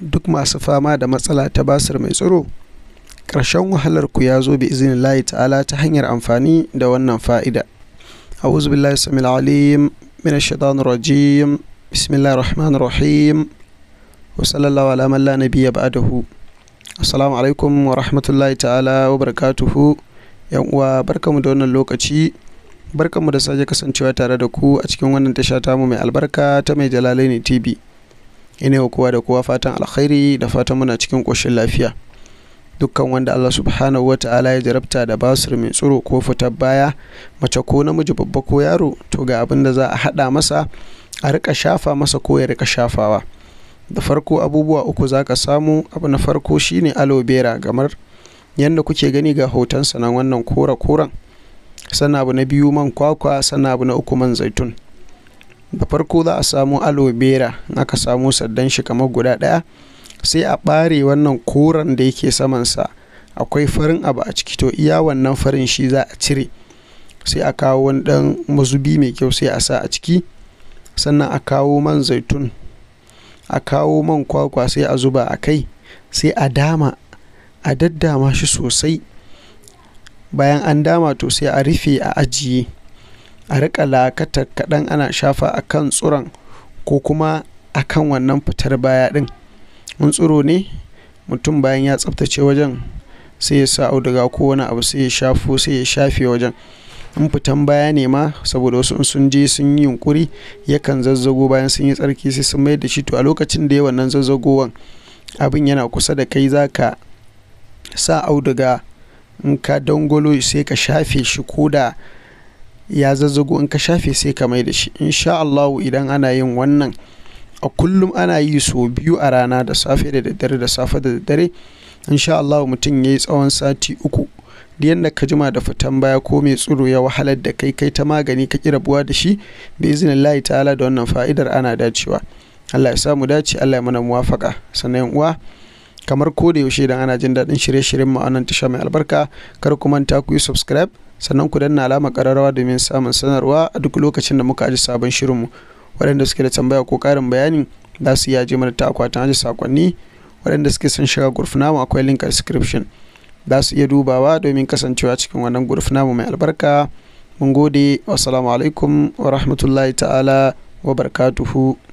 duk masu fama da matsala ta basir mai tsiro ƙarshen ku ya zo bi izinin layi ta'ala ta hanyar amfani da wannan fa'ida a'udhu billahi samil alim min ash-shaitanir rajim bismillahir rahmanir rahim wa sallallahu ala man la nabiyya ba'dahu assalamu alaikum wa rahmatullahi ta'ala wa barakatuhu yan uwa barkamu da wannan lokaci barkamu da sake kasancewa tare da ku a cikin wannan tasha tamu mai albarka ta mai jalalaini tv ina wa kowa da kowa fatan alkhairi da fatan muna cikin ƙoshin lafiya dukkan wanda Allah subhanahu wa ta'ala ya jarabta da basir mai tsoro ko fitar baya mace ko namiji babba ko yaro to ga abin da za a haɗa masa a rika shafa masa ko ya rika shafawa da farko abubuwa uku za ka samu abu na farko shine aloe vera kamar yadda kuke gani ga hoton sanan wannan kora koran sannan abu na biyu man kwakwa sannan abu na uku man zaitun da farko za a samu aloe vera aka samu saddan shi kamar guda ɗaya sai a ɓare wannan koren da yake samansa akwai farin abu a ciki to iya wannan farin shi za a cire sai a kawo wani ɗan mazubi mai kyau sai a sa a ciki sannan a kawo man zaitun a kawo man kwakwa sai a zuba a kai sai a dama a daddama shi sosai bayan an dama to sai a rufe a ajiye a rika lakata kaɗan ana shafa a kan tsuron ko kuma a kan wannan fitar baya din in tsuro ne mutum bayan ya tsaftace wajen sai ya sa auduga ko wani abu sai ya shafo sai ya shafe wajen in fitan baya ne ma saboda wasu in sun je sun yi yunkuri yakan zazzago bayan sun yi tsarki sai sun mayar da shi to a lokacin da ya wannan zazzagowan abin yana kusa da kai za ka sa auduga in ka dangwalo sai ka shafe shi ko da ya zazzago in ka shafe sai ka mai da shi insha Allah idan ana yin wannan a kullum ana yi so biyu a rana da safe da daddare da safe da daddare insha Allah mutum ya yi tsawon sati uku da yadda ka jima da fitan baya ko mai tsoro ya wahalar da kai kai ta magani ka kirabuwa rabuwa da shi izinin iznillahi ta'ala da wannan fa'idar ana dacewa Allah ya samu dace Allah ya mana muwafaka sannan uwa kamar ko da yaushe idan ana jin daɗin shirye-shiryen mu tasha mai albarka kar ku manta ku yi subscribe sannan ku danna alama kararrawa domin samun sanarwa a duk lokacin da muka aji sabon shirinmu waɗanda suke da tambaya ko ƙarin bayani za su iya mana ta akwatin aji sakonni waɗanda suke son shiga gurf akwai link a description za su iya dubawa domin kasancewa cikin wannan gurf mai albarka mun gode wasalamu alaikum wa rahmatullahi ta'ala wa barkatuhu